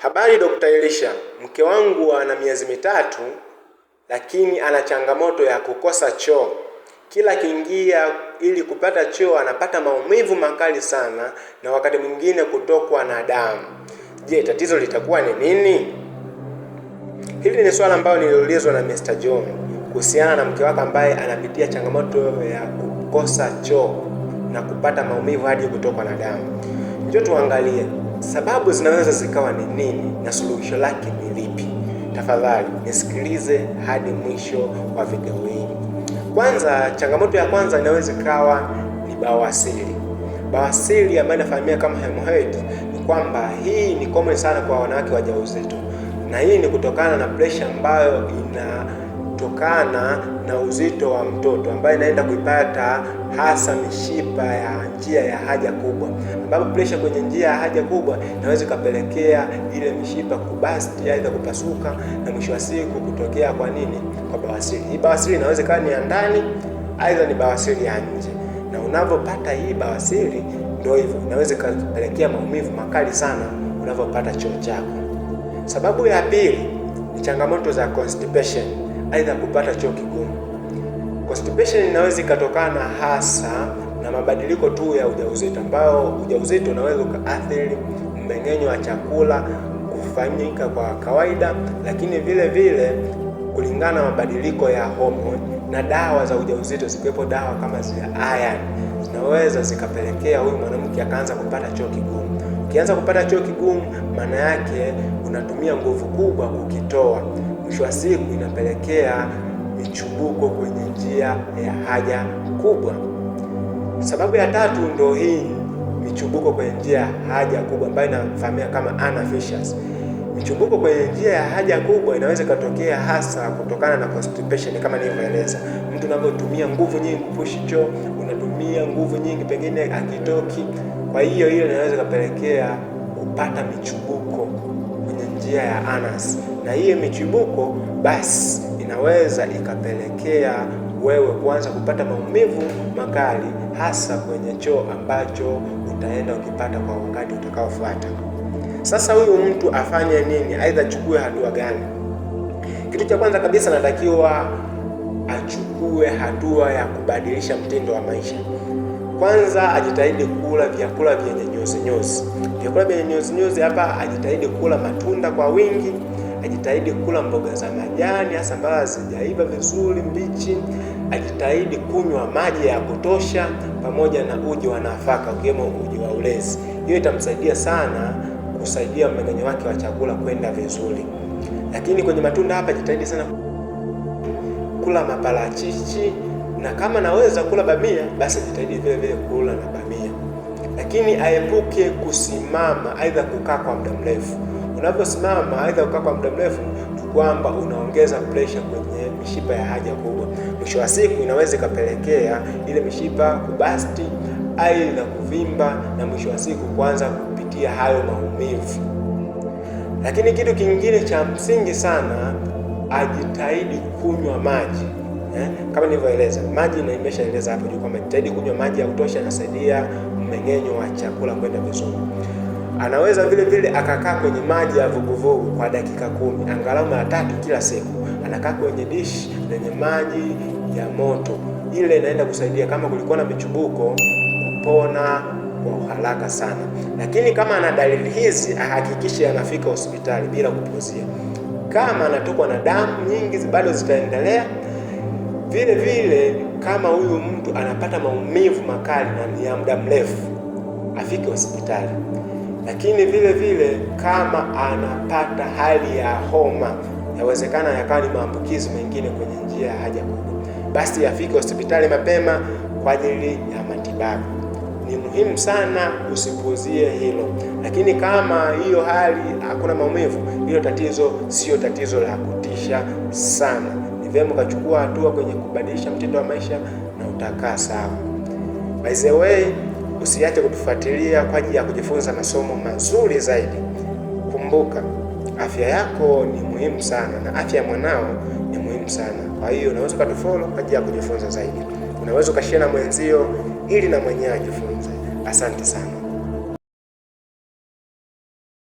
Habari Dr. Elisha, mke wangu ana miezi mitatu, lakini ana changamoto ya kukosa choo. Kila akiingia ili kupata choo anapata maumivu makali sana, na wakati mwingine kutokwa na damu. Je, tatizo litakuwa ni nini? Hili ni swala ambalo niliulizwa na Mr. John kuhusiana na mke wake ambaye anapitia changamoto ya kukosa choo na kupata maumivu hadi kutokwa na damu. Njoo tuangalie Sababu zinaweza zikawa ni nini na suluhisho lake ni lipi? Tafadhali nisikilize hadi mwisho wa video hii. Kwanza, changamoto ya kwanza inaweza ikawa ni bawasiri. Bawasiri ambayo inafahamika kama hemorrhoid, ni kwamba hii ni common sana kwa wanawake wajawazito, na hii ni kutokana na pressure ambayo ina kutokana na uzito wa mtoto ambaye inaenda kuipata hasa mishipa ya njia ya haja kubwa, ambapo presha kwenye njia ya haja kubwa inaweza ikapelekea ile mishipa kubasti, aidha kupasuka, na mwisho wa siku kutokea kwa nini? Kwa bawasiri. Hii bawasiri inaweza ikawa ni ya ndani, aidha ni bawasiri ya nje, na unavyopata hii bawasiri, ndio hivyo, inaweza ikapelekea maumivu makali sana unavyopata choo chako. Sababu ya pili ni changamoto za constipation aidha kupata choo kigumu. Constipation inaweza ikatokana hasa na mabadiliko tu ya ujauzito, ambayo ujauzito unaweza ukaathiri mmeng'enyo wa chakula kufanyika kwa kawaida, lakini vile vile kulingana na mabadiliko ya homoni na dawa za ujauzito, zikiwepo dawa kama zile iron zinaweza zikapelekea huyu mwanamke akaanza kupata choo kigumu. Ukianza kupata choo kigumu, maana yake unatumia nguvu kubwa kukitoa mwisho wa siku inapelekea michubuko kwenye njia ya haja kubwa. Sababu ya tatu ndio hii michubuko kwenye njia ya haja kubwa ambayo inafahamika kama anal fissures. Michubuko kwenye njia ya haja kubwa inaweza ikatokea hasa kutokana na constipation, kama nilivyoeleza, mtu unavyotumia nguvu nyingi kupush choo, unatumia nguvu nyingi, pengine akitoki. Kwa hiyo hiyo inaweza ikapelekea kupata michubuko kwenye njia ya anus na hiyo michubuko basi inaweza ikapelekea wewe kuanza kupata maumivu makali, hasa kwenye choo ambacho utaenda ukipata kwa wakati utakaofuata. Sasa huyu mtu afanye nini? Aidha achukue hatua gani? Kitu cha kwanza kabisa, natakiwa achukue hatua ya kubadilisha mtindo wa maisha. Kwanza ajitahidi kula vyakula vyenye nyuzi nyuzi. Vyakula vyenye nyuzi nyuzi hapa, ajitahidi kula matunda kwa wingi ajitahidi kula mboga za majani, hasa ambazo hazijaiva vizuri mbichi, ajitahidi kunywa maji ya kutosha, pamoja na uji wa nafaka ukiwemo uji wa ulezi. Hiyo itamsaidia sana kusaidia mmeng'enyo wake wa chakula kwenda vizuri. Lakini kwenye matunda hapa jitahidi sana kula maparachichi, na kama naweza kula bamia, basi jitahidi vile vile kula na bamia, lakini aepuke kusimama, aidha kukaa kwa muda mrefu. Unaposimama aidha ukaa kwa muda mrefu, kwamba unaongeza pressure kwenye mishipa ya haja kubwa. Mwisho wa siku inaweza ikapelekea ile mishipa kubasti, na kuvimba, na mwisho wa siku kuanza kupitia hayo maumivu. Lakini kitu kingine cha msingi sana, ajitahidi kunywa maji eh? Kama nilivyoeleza maji, na nimeshaeleza hapo juu kwamba jitahidi kunywa maji ya kutosha, yanasaidia mmeng'enyo wa chakula kwenda vizuri anaweza vile vile akakaa kwenye maji ya vuguvugu kwa dakika kumi angalau mara tatu kila siku, anakaa kwenye dishi lenye maji ya moto. Ile inaenda kusaidia kama kulikuwa na michubuko kupona kwa haraka sana. Lakini kama ana dalili hizi, ahakikishe anafika hospitali bila kupozia. Kama anatokwa na damu nyingi bado zitaendelea vile vile. Kama huyu mtu anapata maumivu makali na ni ya muda mrefu, afike hospitali lakini vile vile kama anapata hali ya homa, yawezekana yakawa ni maambukizi mengine kwenye njia ya haja kubwa, basi afike hospitali mapema kwa ajili ya matibabu. Ni muhimu sana usipuuzie hilo. Lakini kama hiyo hali hakuna maumivu, hilo tatizo sio tatizo la kutisha sana. Ni vyema ukachukua hatua kwenye kubadilisha mtindo wa maisha na utakaa sawa. By the way usiache kutufuatilia kwa ajili ya kujifunza masomo mazuri zaidi. Kumbuka afya yako ni muhimu sana na afya ya mwanao ni muhimu sana. Kwa hiyo unaweza ukatufollow kwa ajili ya kujifunza zaidi, unaweza ukashare na mwenzio ili na mwenyewe ajifunze. Asante sana.